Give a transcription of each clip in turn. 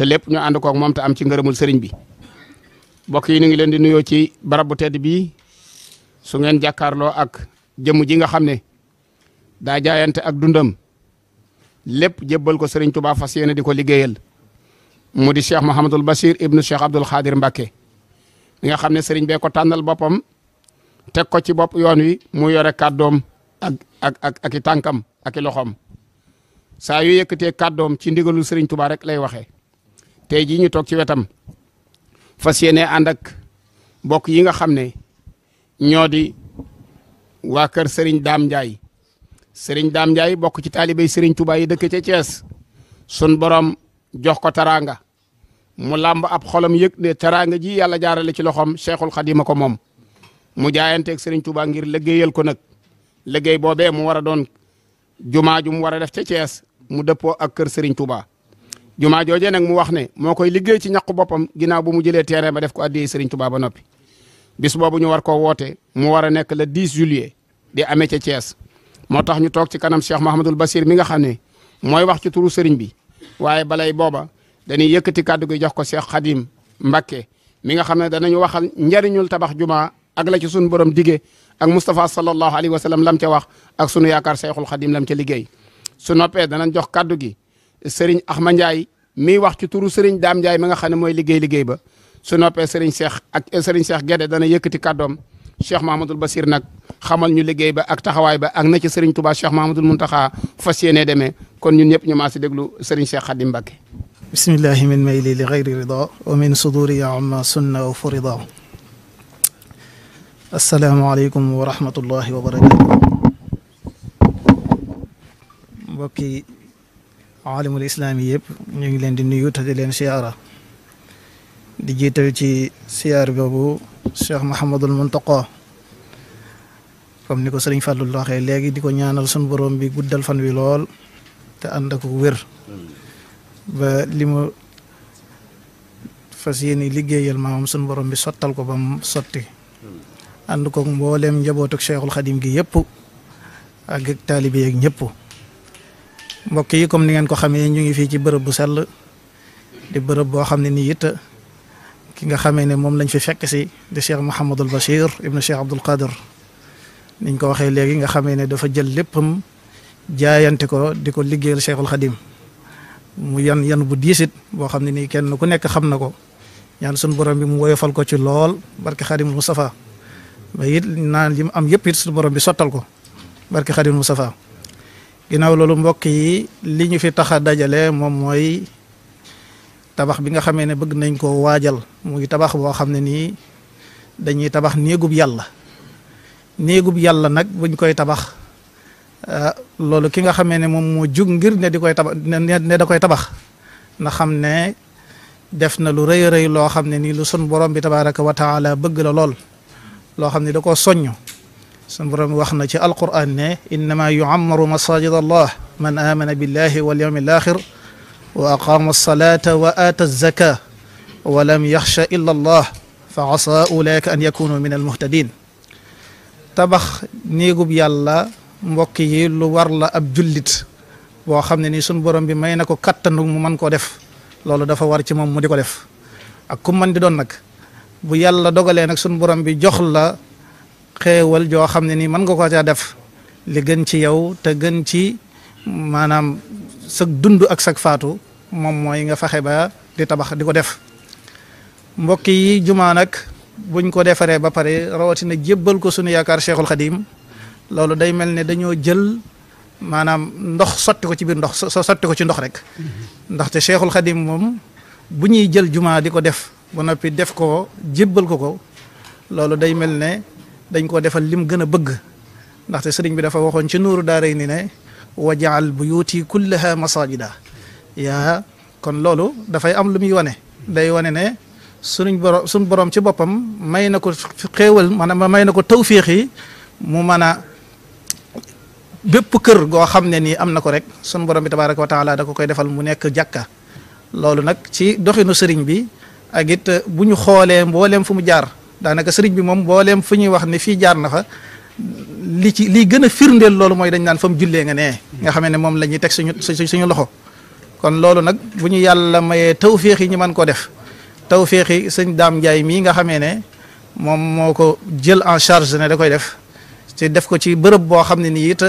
te lepp ñu ko ak mom ta am ci ngeerumul sëriñ bi bokk yi ñu ngi leen di nuyo ci barab bu tedd bi su ngeen jakarlo ak jëm ji nga xamne da jaayante ak dundam lepp jébbal ko sëriñ Tuubaa fas yéene di ko liggéeyal cheikh ibnu cheikh Abdoul Khadir mbake ngak nga xamne ne sëriñ bee ko tanal bopam tek ko ci bop yoon wi mu yore kaddom ak ak ak ak tankam ak loxom sa yu yekete kaddom ci ndigalul serigne touba rek lay waxe tey jii ñu toog ci wetam fas yéene ànd ak mbokk yi nga xam ne ñoo di waa kër sëriñ Dame Ndiaye Serigne Dame njaay bokk ci taalibey Serigne Touba yi dëkk ca Thiès sun borom jox ko taraanga mu làmb ab xolam yëg ne taraanga ji yàlla jaarale ci loxoom Cheikhul Khadim ko moom mu jaayanteeg sëriñ Touba ngir liggéeyal ko nag liggéey boobee mu war a doon jumaa ju mu war a def ca Thiès mu dëppoo ak kër sëriñ tubaa jumaa joojee nag mu wax ne moo koy liggéey ci ñaqu boppam ginnaaw bu mu jëlee terrain ba def ko addiyee Serigne Touba ba noppi bis boobu ñu war koo woote mu war a nekk la 10 juillet di amee ca Thiès moo tax ñu toog ci kanam Cheikh Mahamadul Basir mi nga xam ne mooy wax ci turu Serigne bi waaye balay booba dañuy yëkkati kàddu gi jox ko Cheikh Khadim Mbacké mi nga xam ne danañu waxal njariñul tabax jumaa ak la ci sunu borom dige ak Moustapha sallallahu alayhi wa sallam lam ca wax ak sunu yaakaar Cheikhul Khadim lam ca liggéey su noppee danañ jox kàddu gi. serigne ahmad Ndiaye mi wax ci touru serigne dam Ndiaye ma nga xamne moy mooy liggéey ba su noppé serigne Cheikh ak serigne Cheikh Guédé dana yëkëti kaddom Cheikh Mahamadul Basir nak xamal ñu liggéey ba ak taxaway ba ak na ci serigne Touba Cheikh Mahamadul Muntaxa fas deme kon ñun ñëpp ñu ma ci déglu serigne Cheikh khadim Mbàkke بسم الله من ميلي لغير رضا ومن صدوري عما amma وفرضا السلام عليكم ورحمة الله وبركاته wa عالم الإسلام يب نجلن دنيو تدلين سيارة دجيت في سيارة بابو الشيخ محمد المنطقة كم نيكو سرين فضل الله خير لاجي ديكو نيانا لسن بروم بي قد الفن بلول تأندكو وير ba limu fasiyene liggéeyal maamam sun borom bi sottal ko bam sotti and ko mboolem njabootug cheikhul xadim gi yépp ak talibi ak ñépp mbokk yi comme ni ngeen ko xamee ñu ngi fii ci bërëb bu sell di bërëb boo xam ne nii it ki nga xamee ne moom lañ fi fekk si di cheikh Mouhamadul Bachir ibnu cheikh Abdul Qadir niñ ko waxee léegi nga xamee ne dafa jël léppam jaayante ko di ko liggéeyal cheikhul xadim mu yan yan bu diisit boo xam ne nii kenn ku nekk xam na ko ñaan sunu borom bi mu woyofal ko ci lool barke Mustafa ba it naan li mu am yëpp it sunu borom bi sottal ko barke xadimul Mustafa ginaaw loolu mbokk yi li ñu fi tax a dajale moom mooy tabax bi nga xamee ne bëgg nañ ko waajal ngi tabax boo xam ne nii dañuy tabax néegub yàlla néegub yàlla nag buñ koy tabax euh, loolu ki nga xamee ne moom moo jug ngir ne di koy tabax ne da koy tabax na xam ne def na lu rëy rëy loo xam ne lu sun borom bi tabaraka wa taala bëgg la lool loo xam ne da koo سن برام واخنا القران انما يعمر مساجد الله من امن بالله واليوم الاخر واقام الصلاه واتى الزكاه ولم يخشى الا الله فعصى اولئك ان يكونوا من المهتدين تبخ نيغوب يالا مبوكي لو ورلا اب جوليت بو خامني ني سن برام بي ماينكو كاتانو مو مانكو ديف لولو دافا وار تي موم موديكو ديف اك كوم مان دي دون نك xewal jo xam ni man nga ko ca def li gën ci yow te gën ci manam sa dundu ak sa fatu mom moy nga fexe ba di tabax diko ko def mbokk yi juma nak buñ ko defare ba pare na jébbal ko sunu yakar cheikhul khadim lolu day melni ne jël manam ndox soti ko ci bir ndox soti ko ci ndox rek te cheikhul khadim mom buñuy jël juma di ko def bu nopi def ko jébbal ko ko lolu day melni dañ ko defal lim gëna a bëgg ndaxte sëriñ bi dafa waxoon ci nuuru daaray ni ne wa buyuti kullaha masajida ya kon loolu dafay am lu muy wane day wane ne sunuñ borom suñ borom ci boppam may na ko xéewal maanaam may na ko tawfiix yi mu mën a bépp kër goo xam ne nii am na ko rek suñ borom bi tabaraka wa taala da ko koy defal mu nekk jàkka loolu nag ci doxinu sëriñ bi ak it bu ñu xoolee mbooleem fu mu jaar daanaka sëriñ bi moom booleem fu ñuy wax ne fii jaar na fa li ci lii gën a firndeel loolu mooy dañ naan fa mu jullee nga nee nga xamee ne moom la ñuy teg suñu suñu loxo kon loolu nag bu ñu yàlla mayee tawféex yi ñu mën ko def tawféex yi sëñ Daam Njaay mii nga xamee ne moom moo ko jël en charge ne da koy def te def ko ci bërëb boo xam ne nii it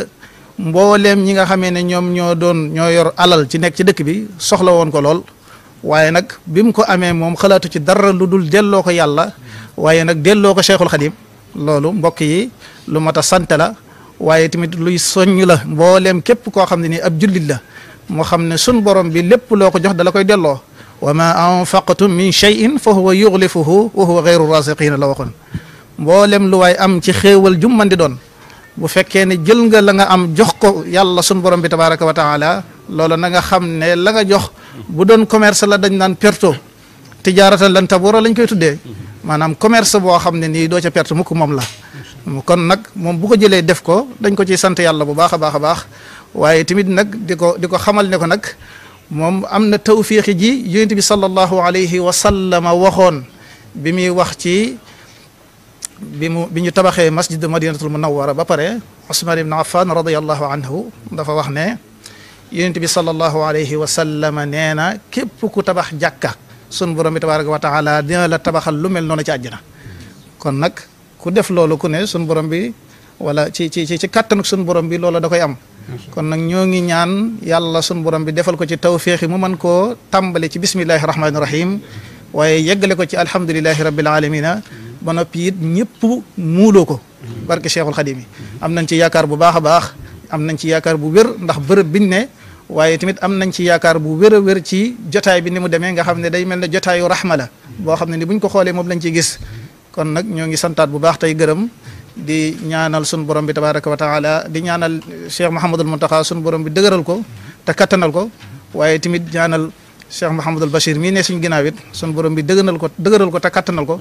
mbooleem ñi nga xamee ne ñoom ñoo doon ñoo yor alal ci nekk ci dëkk bi soxla woon ko lool waye nak bim ko amé mom xalaatu ci dara luddul dello ko yàlla waye nak dello ko cheikhul khadim lolou mbok yi lu mata sante la waye timit luy soñu la mbollem kep ko xamni ni ab julit la mo xamne sun borom bi lépp loko ko jox dala koy dello wama anfaqtum min shay'in fa huwa yughlifuhu wa huwa ghayru raziqin la waxon mbollem lu way am ci xewal jumandi don bu fekkee ne jël nga la nga am jox ko yàlla sunu borom bi tabaraka wa taala loola na nga xam ne langa jox bu doon commerce la dañ naan perto tijaaratan lan tabura lañ koy tuddee maanaam commerce boo xam ne nii doo ca perte mukk moom la kon nag moom bu ko jëlee def ko dañ ko ciy sant yàlla bu baax a baax a baax waaye tamit nag di ko di ko xamal ne ko nag moom am na tawfiixi ji yonent bi sallallahu alayhi wa sallam waxoon bi muy wax ci bi mu bi ñu tabaxee masjid madinatul munawwara ba pare Usman ibn Affan radiyallahu anhu dafa wax ne yonent bi sallallahu alayhi wa sallam nee na képp ku tabax jàkka sun borom bi tabaraka wa taala dina la tabaxal lu mel noonu ci àjjana kon nag ku def loolu ku ne sun borom bi wala ci ci ci kàttanuk sun borom bi loola da koy am kon nag ñoo ngi ñaan yàlla sun borom bi defal ko ci tawféexi mu mën koo tàmbale ci bismillahi rahmaani rahim waaye yeggale ko ci alhamdulilahi rabbil alamina ba noppi it ñëpp muuloo ko barke cheikhul xadim yi am nañ ci yaakaar bu baax a baax am nañ ci yaakaar bu wér ndax bërëb biñ ne waaye tamit am nañ ci yaakaar bu wér a ci jotaay bi ni mu demee nga xam ne day mel ne jotaayu rahma la boo xam ne ni buñ ko xoolee moom lañ ciy gis kon nag ñoo ngi santaat bu baax tey gërëm di ñaanal sun borom bi tabaraka wa taala di ñaanal cheikh mahamadul muntaxa sun borom bi dëgëral ko te kattanal ko waaye tamit Cheikh Mouhamadul Bachir mii ne suñ ginnaaw it sunu borom bi dëgënal ko dëgëral ko ta kattanal ko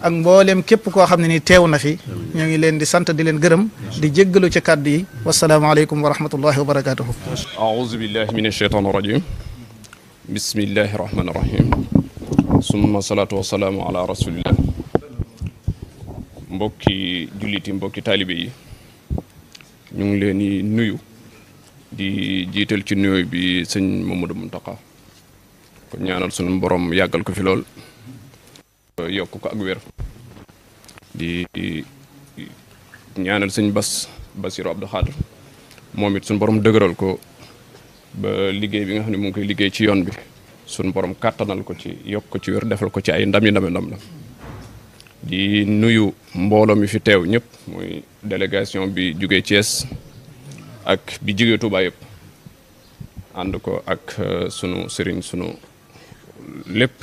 ak mbooleem képp koo xam ne ni teew na fi ñoo ngi leen di sant di leen gërëm di jéggalu ci kàddu yi wasalaamaaleykum wa rahmatullahi wa barakatuhu aouzu billahi min asheytan rajim bismillahi rahmani rahim summa salaatu wasalaamu ala rasulillah mbokki julliti mbokki taalibe yi ñu ngi leen di nuyu di jiital ci nuyu bi sëñ Mamadou Mountakha ko ñaanal suñu borom yàggal ko fi lool yokk ko ak wér di ñaanal sëñ bas basiro abdou khadir moom it sunu borom dëgëral ko ba liggéey bi nga xam ne mu ngi koy ci yoon bi suñu borom kàttanal ko ci yokk ko ci wér defal ko ci ay ndam yi ndam ndam di nuyu mbooloo mi fi teew ñëpp muy délégation bi jugee Thiès ak bi jugee Touba yëpp ànd ko ak sunu sëriñ sunu lépp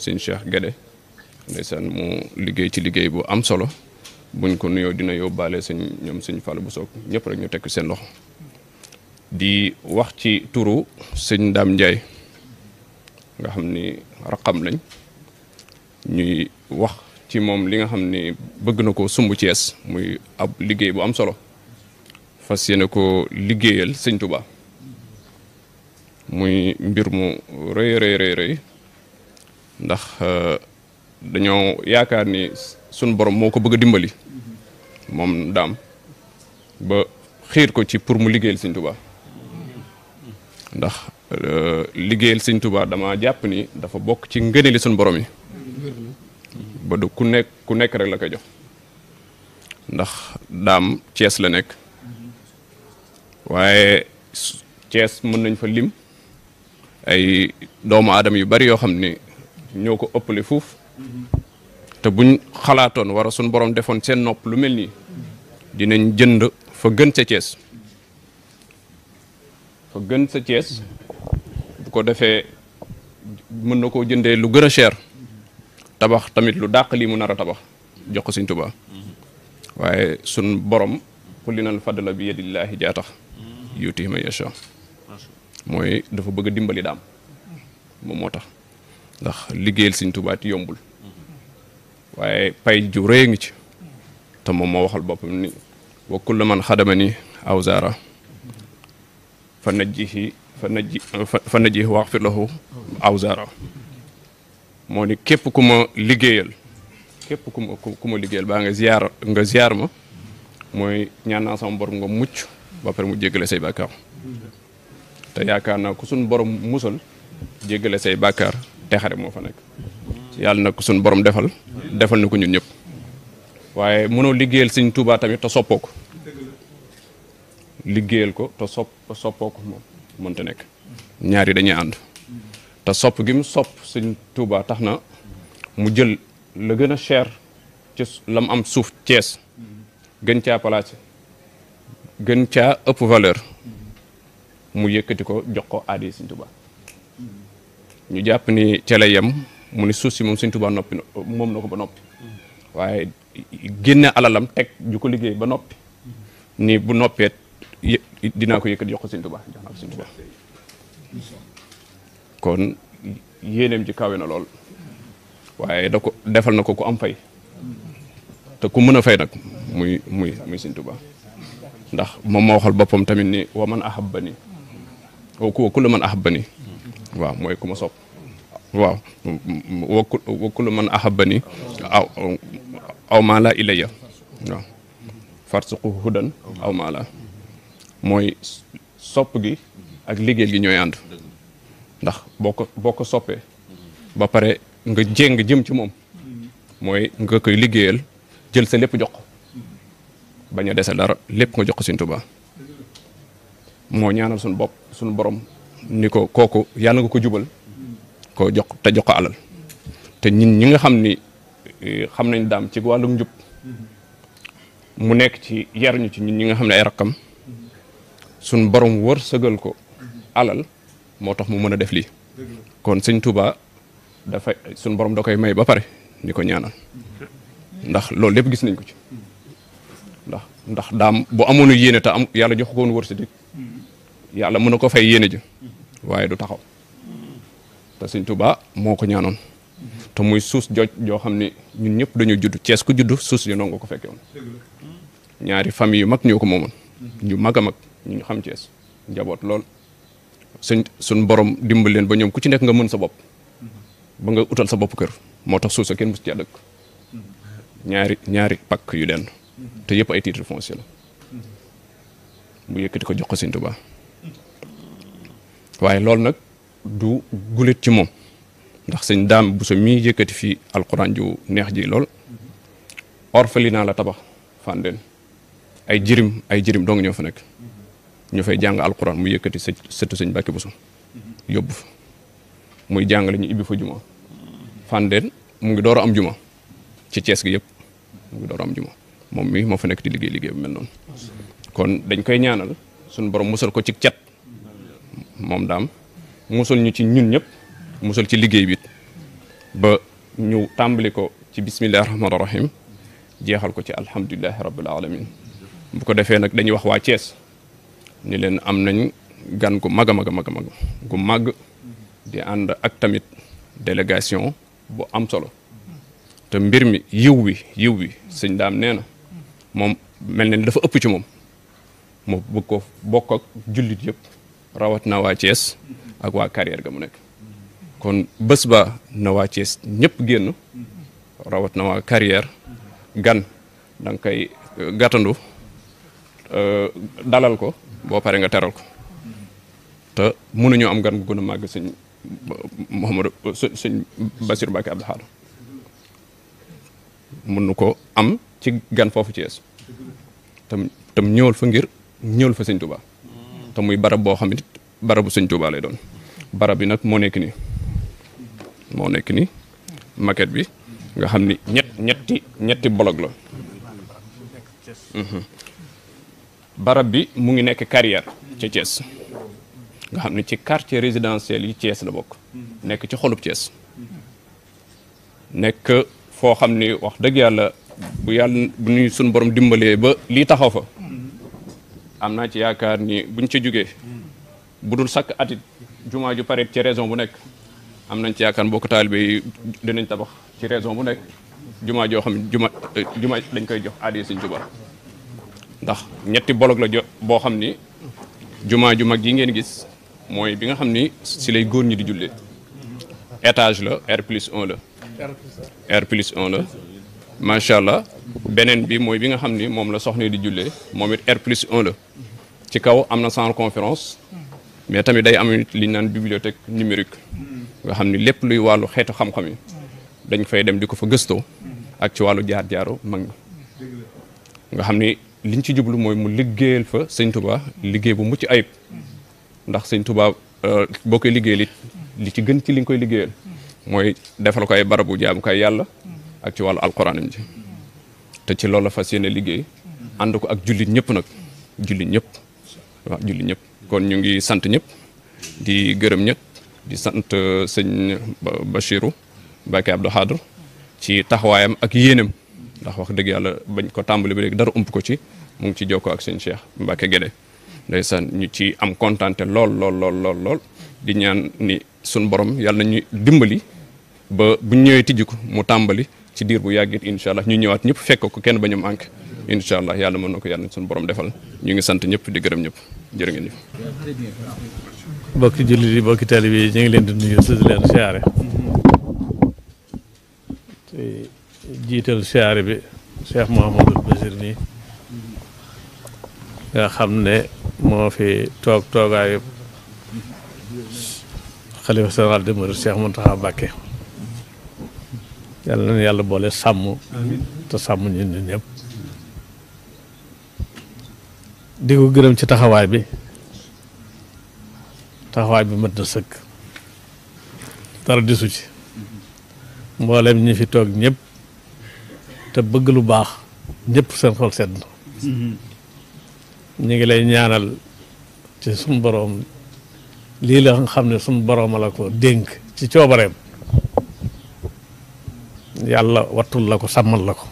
sëñ Cheikh Guédé ndeysaan mu liggéey ci liggéey bu am solo buñ ko nuyoo dina yóbbaale sëñ ñoom sëñ Fallou bu soog ñëpp rek ñu tekk seen loxo di wax ci turu sëñ ndaam njaay nga xam ni raqam lañ ñuy wax ci moom li nga xam ni bëgg na ko sumb Thiès muy ab liggéey bu am solo fas yéene ko liggéeyal sëñ Touba muy mbir mu rëy rëy rëy rëy ndax euh, dañoo yaakaar ni suñ borom moo ko bëgg a dimbali moom daam ba xiir ko ci pour mu liggéeyal sëñ Tuubaa ndax euh, liggéeyal sëñ tubaa dama jàpp ni dafa bokk ci ngëneeli suñ borom yi ba du ku nekk ku nekk rek la koy jox ndax daam Cees la nekk waaye Cees mën nañ fa lim ay doomu aadam yu bari yoo xam ni ñoo ko ëppale fuuf te buñ xalaatoon wara suñ borom defoon seen nopp lu mel nii dinañ jënd fa gën ca Thiès fa gën sa cees bu ko defee mën na koo jëndee lu gën a cher tabax tamit lu dàq lii mu nar a tabax jox ko Sëñ Tuubaa waaye suñ borom xulli nan fadla bi yadillaahi jaa tax yuuti ma yasha mooy dafa bëgg a dimbali daam moom moo tax ndax liggéeyal Sëñ Tuubaa yombul waaye pay ju rëy ngi ci te moom moo waxal boppam ni wa kullu man xadama ni aw zaara fa najjihi fa najji wax fi waxfir lahu aw zaara moo ni képp ku ma liggéeyal képp ku ma ku ma liggéeyal baa nga ziyaar nga ziyaar ma mooy ñaan naa sama borom nga mucc ba pare mu jéggale say bàkkaar te yaakaar naa ku suñ borom musal jéggale say bàkkaar texare moo fa nekk yàlla na ko suñu borom defal defal na ko ñun ñëpp waaye mënoo liggéeyal sëñ Tuubaa tamit te soppoo ko liggéeyal ko te sopp soppoo moom mënta nekk ñaari dañuy ànd te sopp gi mu sopp sëñ Tuubaa tax na mu jël la gën a cher ci la mu am suuf Cees gën caa palaas gën caa ëpp valeur mu yëkkati ko jox ko aadi sëñ Tuubaa ñu jàpp ni ca yam mu ni suuf si moom Sëñ Tuubaa noppi moom na ko ba noppi waaye génne alalam teg ju ko liggéey ba noppi nii bu noppeet dina ko yëkkat jox ko Sëñ Tuubaa jox naa ko Sëñ Tuubaa kon yéeneem ji kawe na lool waaye da ko defal na ko ku am fay te ku mën a fay nag muy muy muy Sëñ Tuubaa ndax moom moo waxal boppam tamit ni wa man ahabbani wa ku man ahabbani waaw mooy ku ma sopp waaw wakkulu man ahabani aw aw la ilayya waaw farsuqu hudan aw la mooy sopp gi ak liggéey gi ñooy ànd ndax boo ko boo ko soppee ba pare nga jéng jëm ci moom mooy nga koy liggéeyal jël sa lépp jox ko bañ a dese dara lépp nga jox ko Sëñ Tuubaa moo ñaanal suñu bopp suñu borom Niko ko kooku yàlla nga ko jubal ko jox te jox alal te ñun ñi nga xam ni eh, xam nañ dam ci wàllum mu nekk ci yaruñu ci nyin ñi nga ay sun borom wor sëgal ko alal moo mu mën a def lii kon sun borom da koy may ba pare ni ko ñaanal ndax lool lepp gis nañ ko ci ndax ndax daam bu amono yene ta am yalla jox ko won wërsëg yàlla mën na ko fay yene ji waye du taxaw ta seigne touba moko ñaanon ñaanoon muy suus joj jo xamni ñun ñëpp dañu judd Cees ku judd sus ñu ndongo ko fekke woon ñaari famille yu mag ñoko ko ñu mag mag ñu xam Cees njabot lol seigne sun borom dimbal leen ba ñom ku ci nek nga mën sa bop ba nga utal sa bop kër motax tax suusa kenn mus cee ñaari ñaari pak yu den te yëpp ay titre foncier la mu ko jox ko seigne touba waye lol nak du gulit ci mom ndax sëñ dam bu so mi yëkkati fi alquran ju neex ji lool orphelina la tabax fàndeen ay jirim ay jirim dong ñoo fa nek ñu fay jang alquran mu yëkëti seut sëtu bakki bu so yobbu muy jang li ñu ibi fa juma fàndeen mu ngi am juma ci ties gi yëpp mu ngi door am juma mom mi mo fa nek di liggéey liggéey bu mel non kon dañ koy ñaanal sun borom musal ko ci chat moom daam musul ñu ci ñun ñëpp musal ci liggéey bi ba ñu tàmbali ko ci bismillahi rahmaani rahim jeexal ko ci alhamdulilahi rabbil alamin bu ko defee nag dañuy wax waa Thiès ni leen am nañ gan gu mag a mag a mag a mag màgg di ànd ak tamit délégation bu am solo te mbir mi yiw wi yiw wi sëñ daam nee na moom mel na ni dafa ëpp ci moom mu bëgg ko bokk jullit yëpp Rawat waa ak wa ya carrière ga nek kon besba ba na gennu rawat ñëpp carrière gan dang kay e, gatandu e, dalal ko bo pare nga teral ko te ñu am gan gu gëna mag señ sëñ señ basir bakay Abdou ko am ci gan ci Thiès tam tam ñool fa ngir ñool fa señ Touba te muy barab boo xam ne barabu sëñ Touba lay doon barab bi nag moo nekk nii moo nekk nii maquette bi nga xam ni ñett ñetti ñetti bolog la mhm. barab bi mu ngi nekk carrière ci Thiès nga xam ne ci quartier résidentiel yi Thiès la bokk nekk ci xolub Thiès nekk foo xam ni wax dëgg yàlla bu yàlla bu ñuy suñu borom dimbalee ba lii taxaw fa amna naa ci yaakaar ni buñ ci jógee bu dul sakk atit jumaa ju pare ci raison bu nekk am nañ ci yaakaar mbokk taalibe dinañ tabax ci raison bu nekk juma joo xam juma juma dañ koy jox aadee sëñ Tuubaa ndax ñetti bolog la jo boo juma ju mag yi ngeen gis moy bi nga xam ni si lay góor ñi di jullee étage la R plus 1 la R plus 1 la macha allah beneen bi mooy bi nga xam ni moom la soxna di jullee moom it R plus 1 la ci kaw am na centre conférence mais tamit day am li ñu naan bibliothèque numérique nga xam ni lépp luy wàllu xeetu xam-xam yi dañ fay dem di ko fa gëstoo ak ci wàllu jaar-jaaru mag ñi nga xam ni liñ ci jublu mooy mu liggéeyal fa sëñ Touba liggéey bu mucc ayib ndax sëñ tubaa euh, boo koy liggéeyal it li ci gën ci li nga koy liggéeyal mooy defal ko ay barabu jaamukaay yàlla ak ci wàllu alquranam ji te ci loolu la fas yéene liggéey ànd ko ak jullit ñëpp nag jullit ñëpp waaw jullit ñëpp kon ñu ngi sant ñëpp di gërëm ñëpp di sant euh, sëñ bashiru Mbacke Abdou hadr ci taxawaayam ak yéenam ndax wax dëgg yàlla bañ ko tàmbali ba léegi dara ump ko ci mu ngi ci jokkoo ak sëñ Cheikh Mbacke Guède ndeysaan ñu ci am contenté lool lool lool lool lool di ñaan ni sun borom yàlla ñu dimbali ba bu ñëwee tijji ko mu tàmbali ci diir bu yàggit incha allah ñu ñëwaat ñëpp fekk ko kenn bañu manqué incha allah yàlla mën na ko yàlla suñu borom defal ñu ngi sant ñëpp di gërëm ñëpp jërë ngeen jëf. mbokki jullit yi mbokki taalibe yi ñu ngi leen di nuyu di leen siyaare te jiital siyaare bi Cheikh Mouhamadul Bachir nii nga xam ne moo fi toog toogaayu xalifa général des mourides Cheikh Mountakha Mbacké yàlla na yàlla boole sàmm te sàmm ñu ñun ñëpp di ko gërëm ci taxawaay bi taxawaay bi mat na sëkk dara disu ci mboolem ñi fi toog ñëpp te bëgg lu baax ñëpp seen xol sedd na ñu ngi lay ñaanal ci suñu boroom lii la xam ne suñu boroom la ko dénk ci coobareem yàlla wattul la ko sàmmal la ko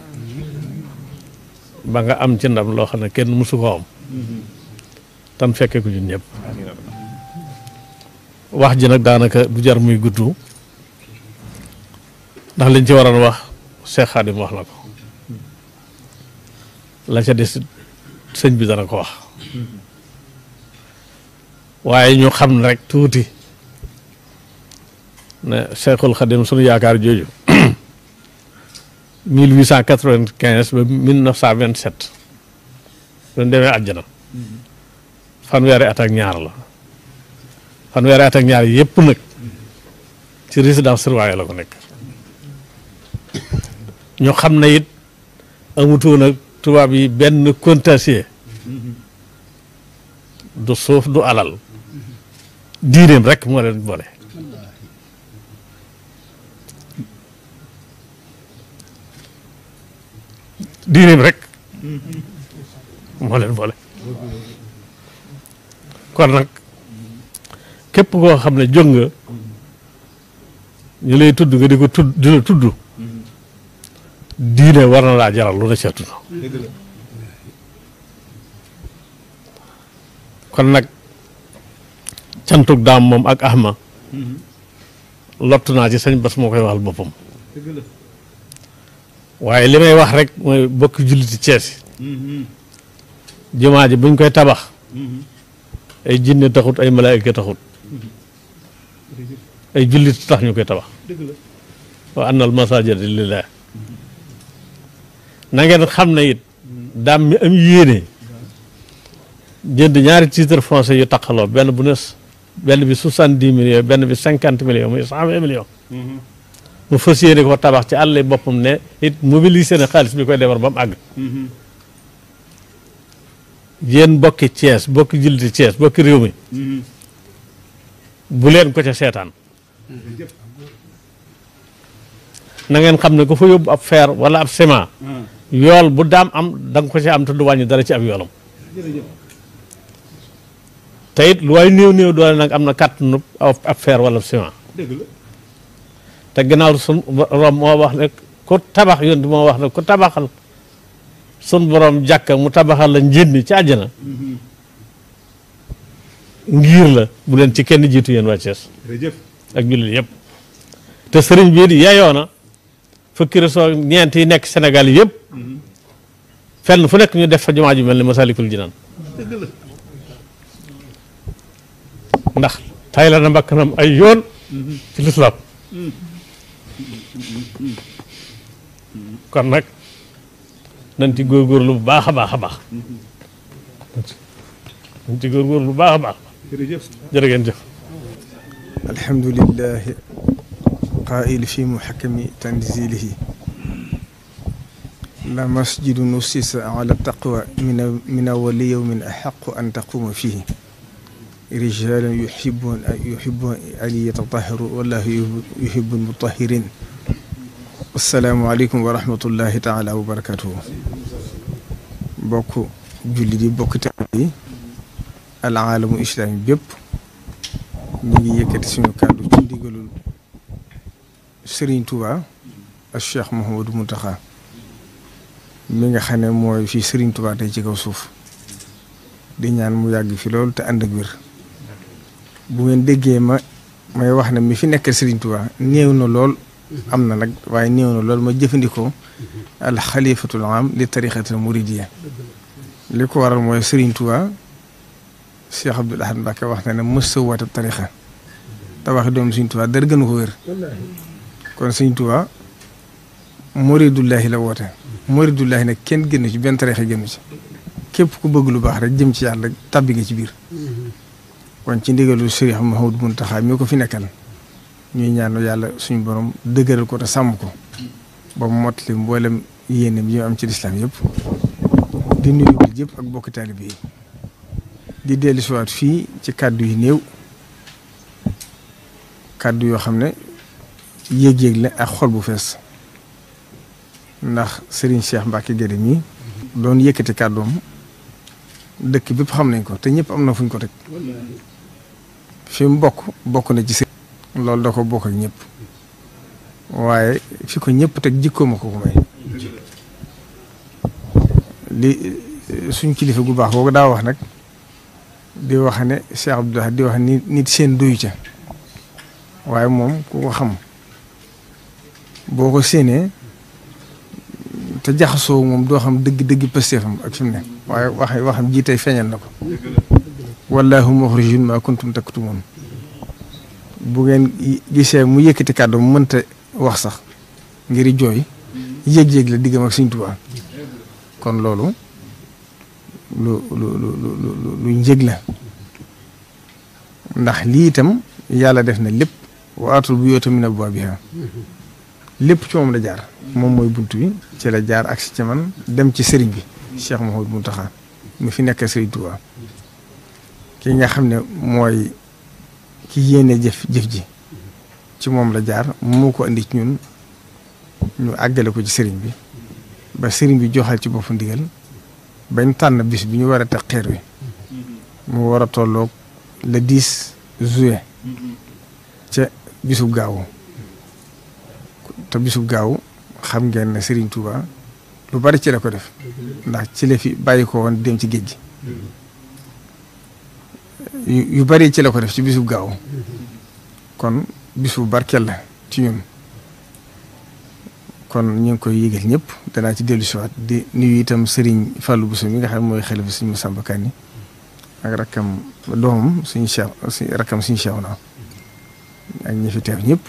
ba nga am ci ndam loo xam ne kenn mësu ko am tam fekke ko ñun ñëpp wax ji nag daanaka du jar muy gudd ndax liñ ci waroon wax Cheikh Khadim wax na ko la ca des sëñ bi dana ko wax waaye ñu xam rek tuuti ne Cheikhul Khadim sunu yaakaar jooju 1895 ba 1927 dañ demee àjjana fanweeri at ak ñaar la fanweeri at ak ñaar yëpp nag ci résidence surveillée la ko nekk ñu xam ne it amutoon nag tubaab yi benn contentieux du suuf du alal diineem rek moo leen boole diineem rek moo leen boole kon nag képp koo xam ne jóg nga ñu lay tudd nga di ko tudd di la tudd diine war na laa jaral lu na ci àdduna kon nag cantuk daam moom ak ahma lott naa ci sañ bas moo koy waxal boppam waaye li may wax rek mooy bokk julliti Cees jumaa ji buñ koy tabax ay jinne taxut ay malaayika taxut ay jullit tax ñu koy tabax wa anna al masajida lillah na ngeen xam ne it daam mi am yéene jënd ñaari titre foncier yu taqaloo benn bu ne benn bi soixante-dix millions benn bi cinquante millions muy mu fas yéene ko tabax ci àll boppam ne it mu mobilisé na xaalis bi koy defar ba mu àgg. yéen bokki Thiès bokki juliti Thiès bokki réew mi. bu leen ko ca seetaan. na ngeen xam ne ko fa yóbbu ab fer wala ab ciment. yool bu daam am da ko ci am te du wàññi dara ci ab yoolam. te it lu waay néew néew doole nag am na kàttanu ab fer wala ab ciment. te gannaaw sun borom moo wax ne ku tabax yonent moo wax ne ku tabaxal sun borom jàkka mu tabaxal la njënd ci àjjana ngir la bu leen ci kenn jiitu yéen waa Cees ak jullit yëpp te sëriñ bii di yeyoo na fukki yi nekk senegal yëpp fenn fu nekk ñu def fa jumaa ju mel ni Masalikul Jinaan ndax tay la na mbakkanam ay yoon lislaam mm-hmm. الحمد لله قائل في محكم تنزيله لا مسجد نسس على التقوى من من أول يوم أحق أن تقوم فيه رجال يحبون يحبون أن يتطهروا والله يحب المطهرين السلام عليكم ورحمة الله تعالى وبركاته بكو جلدي بكو تعدي العالم الإسلامي جب نيجي يكتسينو كادو تندي قلول سرين توبا الشيخ محمود منتخى ميغا خاني موي في سرين توبا تي جيغو سوف دي نيان مو ياغ في لول تا اندك وير بو ما ماي مي في نيك سرين توبا نيو نو لول am na nag waaye néew na loolu ma jëfandikoo alxalifatul am li tariqatil muridiya li ko waral mooy Serigne Touba Cheikh Abdoul Ahad Mbacké wax na ne mës sa woote tariqa te waxi doomu Serigne Touba dara gënu ko wér kon Serigne Touba muridullahi la woote muridullahi nag kenn génn ci benn tariqa génn ci képp ku bëgg lu baax rek jëm ci yàlla tabbi nga ci biir kon ci ndigalu Serigne Mouhamadou Mountakha mi ko fi nekkal ñuy ñaanu yàlla suñu borom dëgëral ko te sàmm ko ba mu mottali mboolem yéenam yi am ci lislaam yëpp di nuyu bi yëpp ak bokki taalibe yi di dellu siwaat fii ci kàddu yi néew kàddu yoo xam ne yéeg-yéeg la ak xol bu fees ndax Serigne Cheikh Mbacke Guèye mi doon yëkkati kàddoom dëkk bépp xam nañ ko te ñëpp am na fuñ ko teg fi mu bokk bokk na ci. loolu doo ko bokk ak ñëpp waaye fi ko ñëpp teg jikkooma ko ko may li suñ kilifa gu baax boobu daa wax nag di wax ne Cheikh Abdoulaye di wax ni seen doyu ca waaye moom ku ko xam boo ko séenee te jaxasoo moom doo xam dëgg-dëgg pëstéefam ak fi mu ne waaye wax waxam jiitey feeñal na ko wallaahu muxrijun maa kuntum taktumun bu ngeen gisee mu yëkkati kàddu mu mënta wax sax ngir jooy yéeg-yéeg la diggam ak Sëriñ Tuubaa kon loolu lu lu lu lu lu njëg la ndax lii itam yàlla def na lépp waatul bu yootam min abwaabiha lépp ci moom la jaar moom mooy bunt bi ci la jaar ak si ci man dem ci sëriñ bi Cheikh Mouhamadou Mountakha mu fi nekk Sëriñ Tuubaa ki nga xam ne mooy ki yéene jëf jëf ji ci moom la jaar moo ko indi ci ñun ñu àggale ko ci sëriñ bi ba sëriñ bi joxal ci bopp ndigal bañ tànn bis bi ñu war a teg xeer wi mu war a tolloog le 10 ca bisub gaawu te bisub gaawu xam ngeen ne sëriñ Touba lu bari ci la ko def ndax ci la fi bàyyi ko woon dem ci géej gi yu bari ci la ko def ci bisub gaaw kon bisu barkeel la ci ñun kon ñu ngi koy yëgal ñëpp danaa ci dellu siwaat di nuyu itam Serigne Fallou Bousso mi nga xam ne mooy xalifa Serigne Massamba Kanni ak rakkam doomam Serigne Cheikh rakkam Serigne ak ñi ñëpp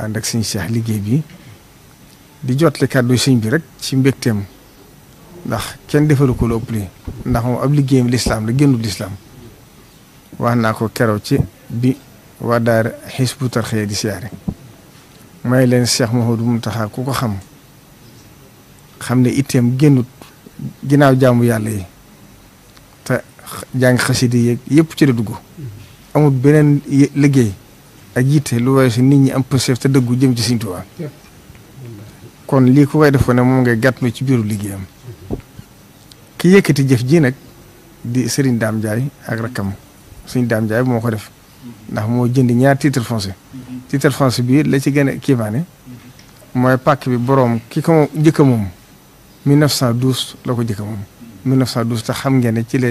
ànd ak Serigne liggéey bi di jotle kàddu Serigne bi rek ci mbégteem ndax kenn defalu ko lu ëpp lii ndax moom ab liggéeyam lislaam la génnul lislaam wax naa ko keroog ci bi waa daara Hizbut Tarqiyyah di siyaare may leen Cheikh Mouhamadou Mountakha ku ko xam xam ne itteem génnut ginnaaw jaamu yàlla yi te jàng xasida yi yëpp ci la dugg amut beneen liggéey ak yitte lu waaye si nit ñi am pësef te dëggu jëm ci Sëriñ Tuubaa kon lii ku koy def ko ne moom ngay gàtt ci biiru liggéeyam ki yëkkati jëf ji nag di Serigne Dame Ndiaye ak rakkam suñ daam bi moo ko def ndax moo jënd ñaar titre foncier titre foncier bi la ci gën a kiimaane mooy pàkk bi boroom ki ko moom njëkk a moom 1912 la ko njëkk a moom 1912 te xam ngeen ne ci la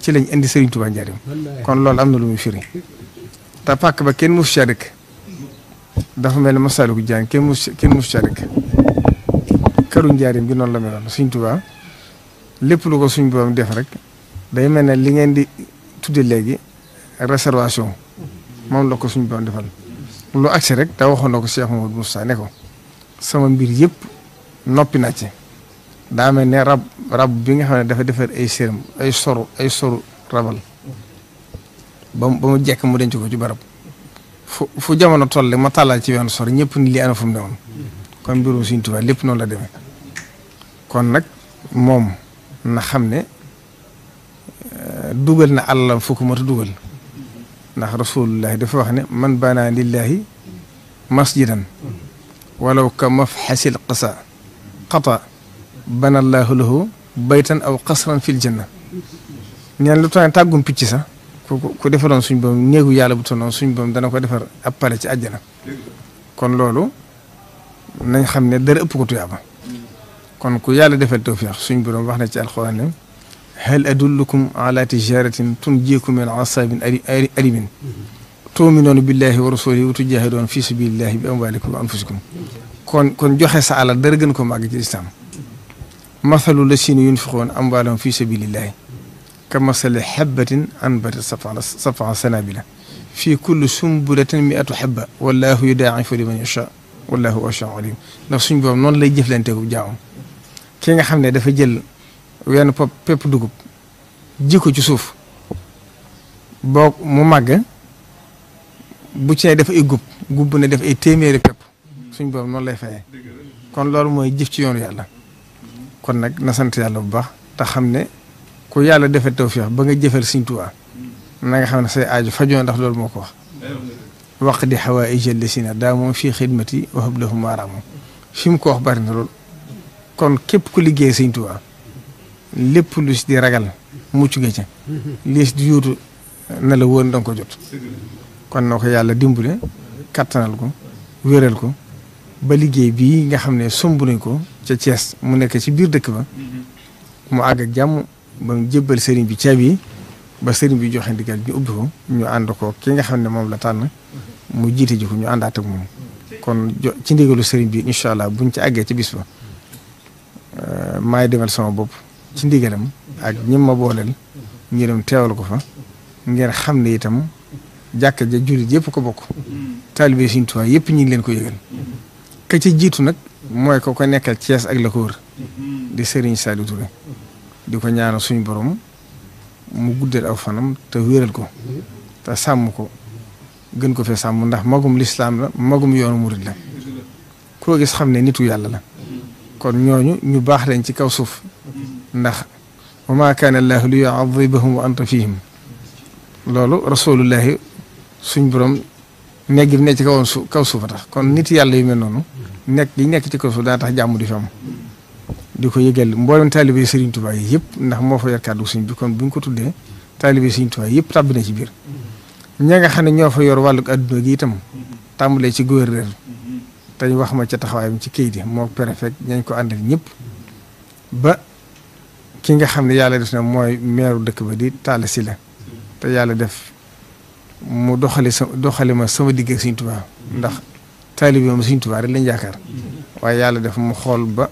ci lañ indi Serigne Touba Njaarim kon lool am na lu muy firi te pàkk ba kenn musu caa dëkk dafa mel ne Masaalikul Jinaan kenn mu kenn musu caa dëkk këru Njaarim bi noonu la meloon Serigne Touba lépp lu ko suñ borom def rek day mel ne li ngeen di tudde léegi ak réservation moom la ko suñu doon defal lu agsi rek da waxoon na ko Cheikh Mamadou Moussa ne ko sama mbir yëpp noppi naa ci daa mel ne rab rab bi nga xam ne dafa defar ay séram ay soru ay soru rabal ba mu ba mu jekk mu denc ko ci barab fu fu jamono toll ma tàllal ci wenn sor ñëpp ni lii ana fu mu ne woon kon mbirum Sëriñ Tuubaa lépp noonu la demee kon nag moom na xam ne eh, dugal na àllam fu ko mata dugal نح رسول الله دفع وحنا من بنى لله مسجدا ولو كمفحص القصى قطع بنى الله له بيتا او قصرا في الجنه نيان لو تان تاغوم بيتي سا كو ديفالون سون بوم نيغو يالا بو تون سون بوم دا نكو ديفار ابالي سي اديانا كون لولو نان خامني دير اوب كو تيابا كون كو يالا ديفال توفيق سون بوم واخنا سي القران hal adullukum ala tijaratin tunjiikum min asaabin alimin tuuminuuna billahi wa rasulihi wa tujaahiduuna fi sabilillahi bi amwaalikum wa anfusikum kon kon joxe sa alal dara gën ko màgg ci lislaam masalu lasiina yunfiquuna amwaalahum fi sabilillahi ka masali xabbatin anbatat sab'a sanaabila fi kulli sumbulatin mi'atu habba wallahu yudaa'ifu liman yashaa wallahu waasi'un aliim ndax suñ boobu noonu lay jëflante bu jaamam ki nga xam ne dafa jël wenn pepp dugub ji ko ci suuf boo mu màgg bu cay def ay gub gub ne def ay téeméeri pepp suñ boobu noonu lay fayee kon loolu mooy jëf ci yoonu yàlla kon nag na sant yàlla bu baax te xam ne ku yàlla defee tawfeex ba nga jëfal Sëñ Tuubaa na nga xam ne say aaju fajoo ndax loolu moo ko wax waq di xawaa i jëlli si na daa moom fii xidmati wa hablahum maaraamu fi mu ko wax bari na loolu kon képp ku liggéey Sëñ Tuubaa lépp lu si di ragal mucc nga ca lii si di yóotu na la woon danga ko jot kon na ko yàlla dimbale kattanal ko wéral ko ba liggéey bi nga xam ne somb ko ca cees mu nekk ci biir dëkk ba mu àgg jàmm ba mu jébbal sëriñ bi ceeb yi ba sëriñ bi joxe ndigal ñu ubbi ko ñu ànd ko ki nga xam ne moom la tànn mu jiite ji ko ñu àndaat ak moom kon jo ci ndigalu sëriñ bi incha allah buñ ci àggee ci bis ba euh, maay demal sama bopp. ci ndigalam ak ñim ma booleel ñu dem teewal ko fa ngeen xam ne itam jàkka ja jullit yëpp ko bokk taalibe Sëriñ Tuubaa yëpp ñu ngi leen ko yëgal ka ci jiitu nag mooy ko ko nekkal Cees ak la ko wër di Serigne Saliou Touré di ko ñaanal suñu borom mu guddal aw fanam te wéeral ko te sàmm ko gën ko fee sàmm ndax magum lislaam la magum yoonu murid la koo gis xam ne nitu yàlla la kon ñooñu ñu baax leen ci kaw suuf ndax wama ma kaana allahu li yuadibahum wa anta fihim lolu rasulullah suñ borom negg ne ci kawon su kaw suufa tax kon nit yalla yu mel nonu nek gi nek ci kaw suuf da tax jàmm di fam diko yegel ko yëgal Serigne Touba yi ndax mo fa yor kàddu suñ bi kon buñ ko tuddé taalibe Serigne Touba yëpp tab na ci bir ña nga xam ño fa yor wàllu adduna gi itam tàmbalee ci gouverneur tañ wax ma ci taxawaayam ci kayit mo moo ñañ ko andal ñëpp ba ki nga xam ne yàlla def na mooy meeru dëkk ba di Talla Sylla te yàlla def mu doxali sa doxali ma sama digg ak Sëriñ Tuubaa ndax taalibe ma Sëriñ Tuubaa rek lañ yaakaar waaye yàlla def mu xool ba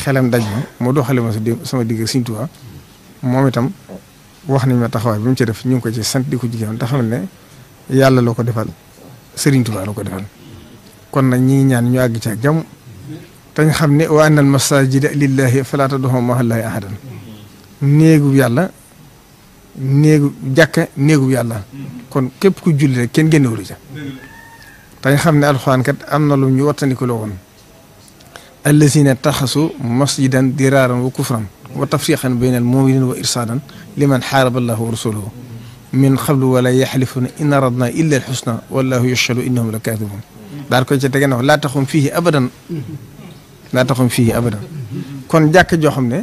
xelam daj ma mu doxali ma sama digg ak Sëriñ Tuubaa moom itam wax nañ ma taxawaay bi mu ci def ñu ngi ko ci sant di ko jigéen te xam ne yàlla loo ko defal Sëriñ Tuubaa la ko defal kon nag ñi ñaan ñu àgg ci ak te ñu xam ne wa anna al masajida lillahi falaa tad'u ma'a llahi ahadan néegub yàlla néegu jàkka néegub yàlla kon képp ku julli rek kenn génnewulu ca te ñu xam ne alxuraan kat am na lu ñu wattandiku la woon allazina taxasu masjidan diraaran wa kufran wa tafriqan bayna al wa irsaadan liman xaaraba allahu wa rasulahu min qablu wala yaxlifuna in aradna illa alxusna wallahu yashhadu innahum la kaadibun daal ko ca tege na taxum fiihi abadan laa taxum fii abadan kon jàkk joo xam ne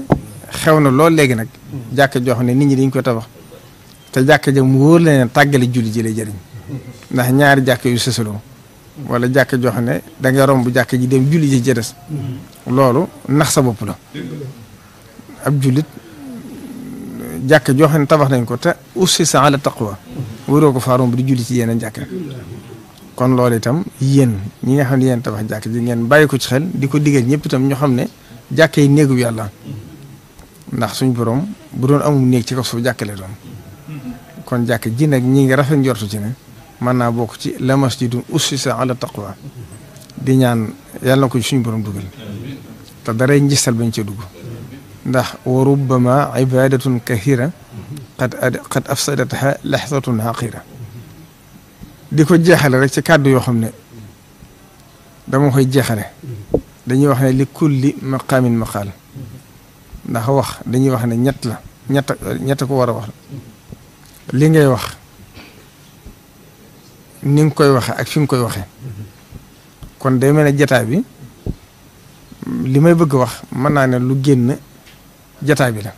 xew na lool léegi nag jàkk joo xam ne nit ñi dañ ko tabax te jàkk ja mu wóor la ne tàggale julli ji lay ndax ñaari jàkk yu sësaloo wala jàkk joo xam ne da nga jàkk ji dem julli ji jëdes loolu nax sa bopp la ab jullit jàkk joo ne tabax nañ ko te ussi sa ala taqwa waroo ko faaroom bi di julli ci yeneen jàkk kon loolu itam yéen ñi nga xam ne yéen tabax jàkk ji ngeen bàyyi ko ci xel di ko digal ñëpp itam ñoo xam ne jàkk yi néegu yàlla ndax suñu borom bu doon amul néeg ci kaw suuf jàkkale doon kon jàkk ji nag ñi ngi rafet njortu ci ne mën naa bokk ci la masjidun ussisa ala taqwa di ñaan yàlla na ko suñu borom dugal te daray njistal bañ cee dugg ndax wa rubbama ibadatun kathira qad qad afsadataha lahzatun haqira di ko jeexale rek ci kàddu yoo xam ne dama koy jeexale dañuy wax ne li kulli maqaamin maqaal ndax wax dañuy wax ne ñett la ñett ñett ko war a wax li ngay wax ni nga koy waxe ak fi nga koy waxe kon day mel ne jataay bi li may bëgg a wax mën naa ne lu génn jataay bi la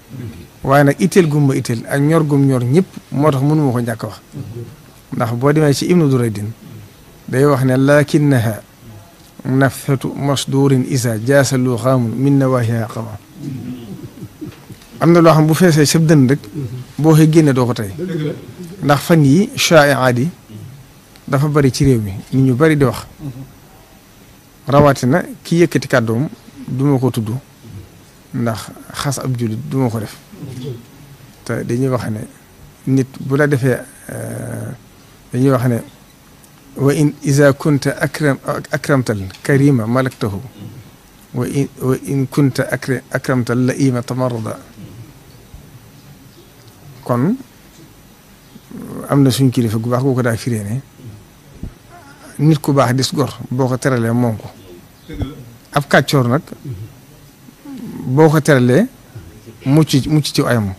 waaye nag itteel gum ma itteel ak ñor gum ñor ñëpp moo tax mënuma ko ñàkk wax ndax boo demee ci ibnu duraydin day wax ne lakinnaha nafhatu masdurin isa jaasa luxaamun min nawaahiha xama am na loo xam bu feesee sab rek boo xëy génne doo ko tey ndax fan yi chaa'iaat yi dafa bari ci réew mi nit ñu bari di wax rawatina ki yëkkati kàddoom du ma ko tudd ndax xas ab jullit duma ko def te dañuy wax ne nit bu la defee euh, dañuy wax ne wa in isa kunta akram akramtal karima malaktahu wa in wa in kunta akra akramtal la ima tamarada kon am na suñ kilifa gu baax goo ko daa firee ne nit ku baax dis gor boo ko teralee moom ko ab kàccoor nag boo ko teralee mucc mucc ci ayam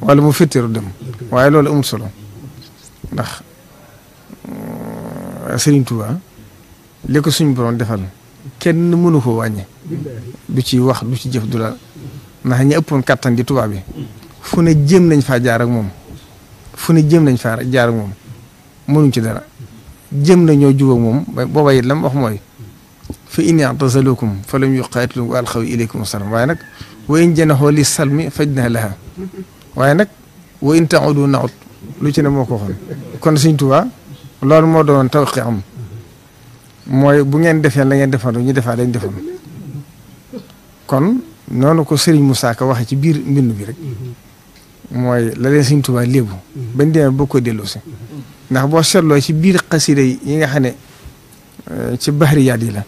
wala mu féttéeru dem waaye loolu amul solo ndax Serigne Touba li suñ suñu borom defal kenn mënu koo wàññi du ci wax du ci jëf du la ndax ñi ëppoon kattan di Touba bi fu ne jëm nañ faa jaar ak moom fu ne jëm nañ faa jaar ak moom mënuñ ci dara jëm nañoo jub moom booba it la mu wax mooy fa in i'tazalukum fa lam yuqaatilukum wa alxaw waaye nag wa in janaxoo li salmi fajnah laha nag wa in lu ci ne ko waxoon kon Serigne Touba loolu moo doon tawqi am mooy bu ngeen defee la ngeen defandu ñu defaat dañ defandu kon noonu ko Serigne Moussa Ka waxee ci biir mbind bi rek mooy la leen Serigne Touba léebu bañ demee boo ko delloo si ndax boo seetloo ci biir xasida yi nga xam ne euh, ci bahriyaat yi la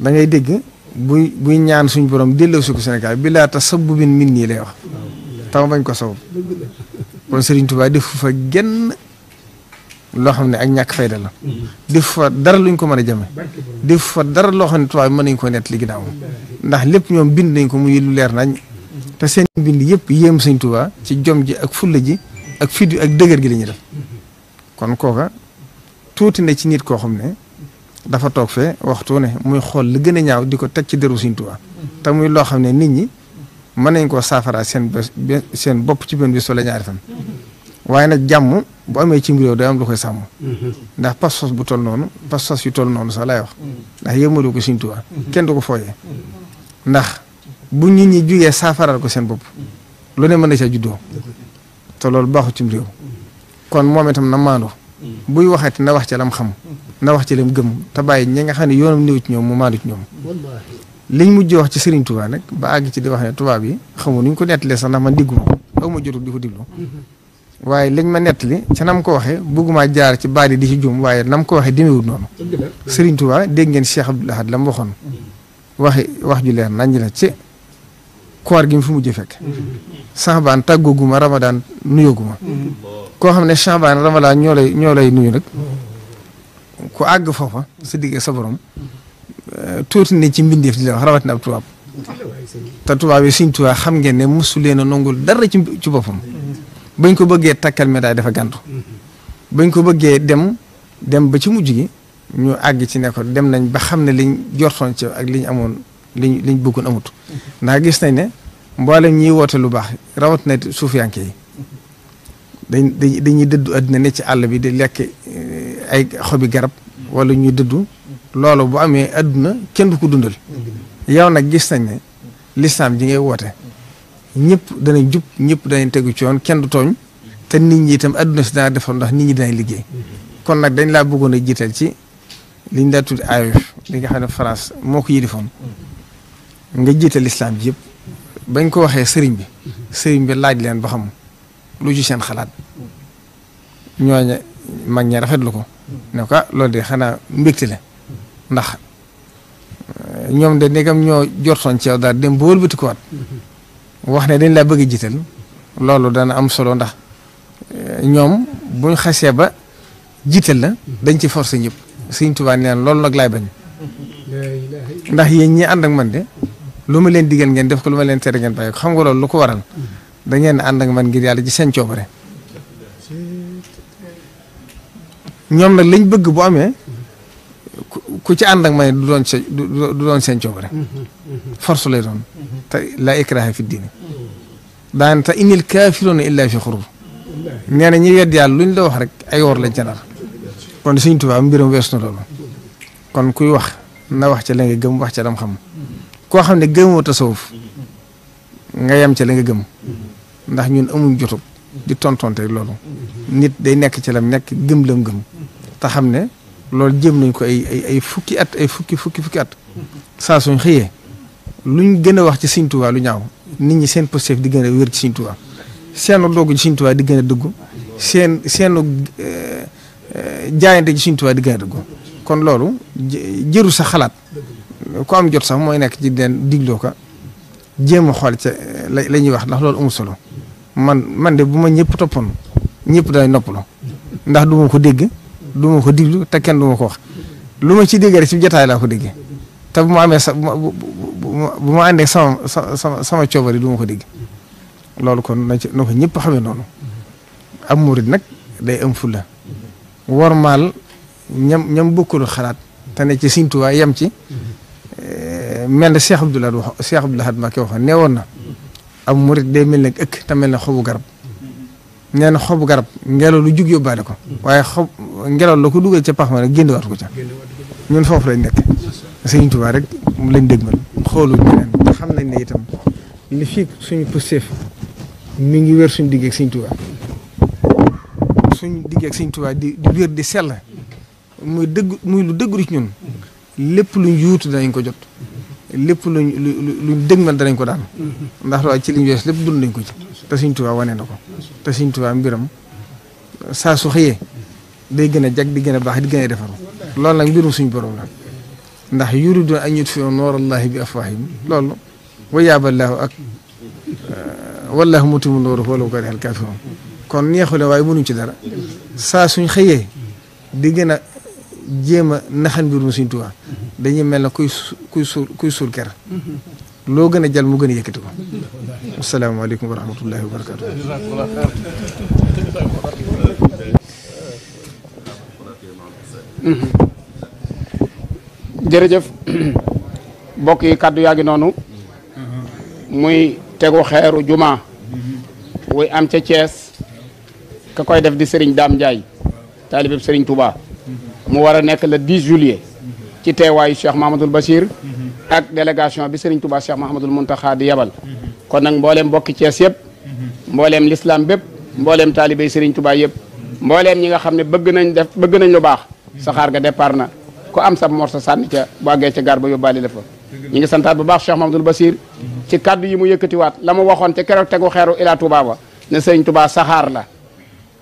da ngay dégg buy buy ñaan suñ borom delloo si ko Sénégal bi bu tax sabubin min nii lay wax taw bañ ko sabub kon Serigne Touba defu fa genn loo xam ne ak ñàkk fayda la def fa dara luñ ko mën a jame def fa dara loo xam ne tubaab mën nañ koo nett li ginnaaw ndax lépp ñoom bind nañ ko muy lu leer nañ te seen bind yëpp yéem sëñ Tuubaa ci jom ji ak fulla ji ak fit ak dëgër gi la ñuy def kon kooka tuuti na ci nit koo xam ne dafa toog fee waxtu ne muy xool li gën a ñaaw di ko teg ci deru sëñ Tuubaa te muy loo xam ne nit ñi mën nañ koo saafara seen seen bopp ci benn bis wala ñaari fan waaye nag jàmm bu amee ci mbir day am lu koy sàmm. Mhm. ndax pas-pas bu toll noonu pas-pas yu toll noonu sax laay wax. ndax yëmmaloo ko Sëriñ Tuubaa. Mhm. kenn ko fooyee. Mhm. ndax bu nit ñi jugee saafaral ko seen bopp. lu mën na caa juddoo. te loolu baaxu ci kon moom itam na maandu. buy waxati na wax ci lam xam. na wax ci lam gëm te bàyyi ñi nga xam ne yoonam néew ci ñoom mu maandu ci ñoom. liñ mujj wax ci Sëriñ Tuubaa nag ba àgg ci di wax ne tubaab yi nu nuñ ko nettalee sax ndax man diggu ma ko aw ma jotul di ko diglu. waaye liñ ma nettali ca nam ko waxee bëgguma jaar ci baadi di ci juum waaye nam ko waxee demewut noonu Serigne Touba dégg ngeen Cheikh Abdoul Ahad la mu waxoon wax ju leer nañ la ci koor gi mu fi mujj fekk Saxbaan tàggooguma Ramadan nuyooguma koo xam ne Saxbaan Ramadan ñoo lay ñoo lay nuyu nag ku àgg foofa sa digg sa borom eh, tuuti ne ci mbindeef di la wax rawatina ab tubaab te tubaab yi Serigne Touba xam ngeen ne mosu leen a nongul dara ci ci bañ ko bëggee takkal médaille dafa gàntu bañ ko bëggee dem dem ba ci mujj gi ñu àgg ci ne dem nañ ba xam ne liñ jortoon ci ak liñ amoon liñ liñ bëggoon amut ndax gis nañ ne mboolem ñiy woote lu baax rawat na suufiyanke yi dañ dañuy dëddu àddina ne ci àll bi di lekk eh, ay xobi garab wala ñuy dëddu loolu bu amee àdduna kenn du ko dundal yow nag gis nañ ne lislaam ji ngay woote ñëpp danañ jub ñëpp danañ tegu ci yoon kenn du tooñ te nit ñi itam adduna si dana defar ndax nit ñi danañ liggéey kon nag dañ laa bëggoon a jiital ci liñ daa tudd AOF li nga xam ne France moo ko yilifoon nga jiital islam bi yëpp bañ ko waxee sëriñ bi sëriñ bi laaj leen ba xam lu ci seen xalaat ñooña mag ña rafetlu ko ne ko ah loolu de xanaa mbégte le ndax eh, ñoom de ndegam ñoo jortoon ci yow daal dem ba wëlbatikuwaat wax ne dañ laa bëgg a jiital loolu dana am solo ndax eh, ñoom buñ xasee ba jiital la dañ ci force ñëpp Sëriñ Tuubaa nee loolu nag laay bañ ndax yéen ñi ànd ak man de lu ma leen digal ngeen def ko lu ma leen tere ngeen bàyyi ko xam nga loolu lu ko waral da ngeen ànd ak man ngir yàlla ci seen coobare ñoom nag lañ bëgg bu amee ku ci ànd ak man du doon sa du doon seen coobare mm-hmm. Mm-hmm. force lay doon te la ikraha fi diine daan te inil kaafiruuna illa fi xurur nee ñi wedd yàlla luñ la wax rek ay wor lañ ca nar kon Sëriñ Tuubaa mbiram wees na loolu kon kuy wax na wax ca la nga gëm wax ca dam koo xam ne gëmoo tasawuf nga yem ca la nga gëm ndax ñun amuñ jotug di tontonte loolu nit day nekk ci lam nekk gëm lam gëm te xam ne loolu jëm nañ ko ay ay ay fukki at ay fukki fukki fukki at saa suñ xëyee luñ gën a wax ci Sëriñ Tuubaa lu ñaaw nit ñi seen positif di gën a wér ci Sëñ Tuubaa seenu doogu ci Sëñ Tuubaa di gën a dëggu seen seenu eh, jaayante ci Sëñ Tuubaa di gën a dëggu kon loolu jëru sa xalaat ku am jot sax mooy nekk ci den digloo ko jéem a xool ca la ñuy wax ndax loolu amul solo man man de bu ma ñëpp toppoon ñëpp day noppalu ndax du ma ko dégg du ma ko diglu te kenn du ma ko wax lu ma ci dégg rek ci jotaay laa ko dégg te bu mu amee sa bu ma àndee sama sama sama coobari duma ko dégg loolu kon na ci na ko ñëpp xamee noonu am murit nag day am fulla wormaal ñam ñam bokkul xalaat te ne ci Sëriñ Tuubaa ci eh, mel na Cheikh Abdoul Ahad wax Cheikh Abdoul Ahad Mbacké waxoon nee woon na am murit day mel ne ëkk mel ne xobu garab nee na xobu garab ngelaw lu jug yóbbaale ko waaye xob ngelaw la ko dugal ca pax ma ne génn waat ko ca ñun foofu lañ nekk. Sëriñ Tuubaa rek lañ dégmal xoolu ñeneen te xam nañ ne itam li fi suñu pësteef mi ngi wér suñ digg ak Sëriñ Tuubaa suñu digg ak Sëriñ Tuubaa di di wér di sell muy dëgg muy lu ci ñun luñ yuutu danañ ko jot lépp luñ luñ dëgmal danañ ko daal ndax loolu ci liñ wees lépp dund nañ ko ci te Sëriñ Tuubaa wane na ko te Sëriñ Tuubaa mbiram saa su xëyee day gën a jag di gën a baax di gën a defaru loolu nag mbirum suñu borom la ndax yuridun an yutfiu noor allahi bi afwahim loolu wa yaaballahu ak wallahu mutimu nooruhu walaw kariha alkafirun kon neexu leen waaye mënuñ ci dara saa suñ xëyee di gën a jéem a naxal mbirum suñ Tuubaa dañuy mel ne kuy kuy suul kuy suul ker loo gën a jal mu gën a yëkkati ko asalaamaaleykum wa rahmatullahi wa barakatu Mm-hmm. jërëjëf mbokk yi kàddu yàggi noonu muy tegu xeeru juma wuy am ca Thiès ka koy def di Serigne daam Ndiaye taalibeb Serigne Touba mu war a nekk le 10 juillet ci teewaayu Cheikh Mahamadoul Bachir ak délégation bi Serigne Touba Cheikh Mahamadoul Mountakha di yabal kon nag mbooleem mbokki cees yëpp mbooleem l'islam bépp mbooleem taalibey Serigne tubaa yëpp mbooleem ñi nga xam ne bëgg nañ def bëgg nañ lu baax saxaar ga départ na ko am sa morsa sànni ca bu àggee ca gaar ba yóbbaale la fa ñi ngi santaat bu baax Cheikh Mamadou Basir ci kaddu yi mu yëkkatiwaat la mu waxoon ca keroog tegu xeeru ila Touba ba ne sëñ Touba saxaar la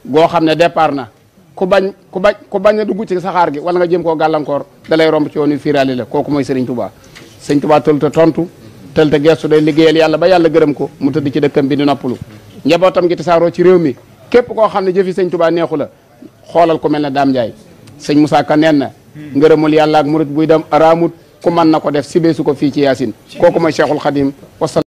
goo xam ne départ na ku bañ ku bañ ku bañ a dugg ci saxaar gi wala nga jëm koo gàllankoor da romb ci yoon wi fiiraali la kooku mooy sëriñ Touba sëñ Touba tël ta tontu tël ta gestu day liggéeyal yàlla ba yàlla gërëm ko mu tëdd ci dëkkam bi di noppalu njabootam gi tasaaroo ci réew mi képp koo xam ne jëfi sëñ Touba neexu la xoolal ku mel ne Daam Njaay sëñ Moussa Ka neen na ngërëmul yàlla ak murit buy dem araamut ku mën ko def si beesu ci yaasin kooku mooy cheikhul xadim wasalaam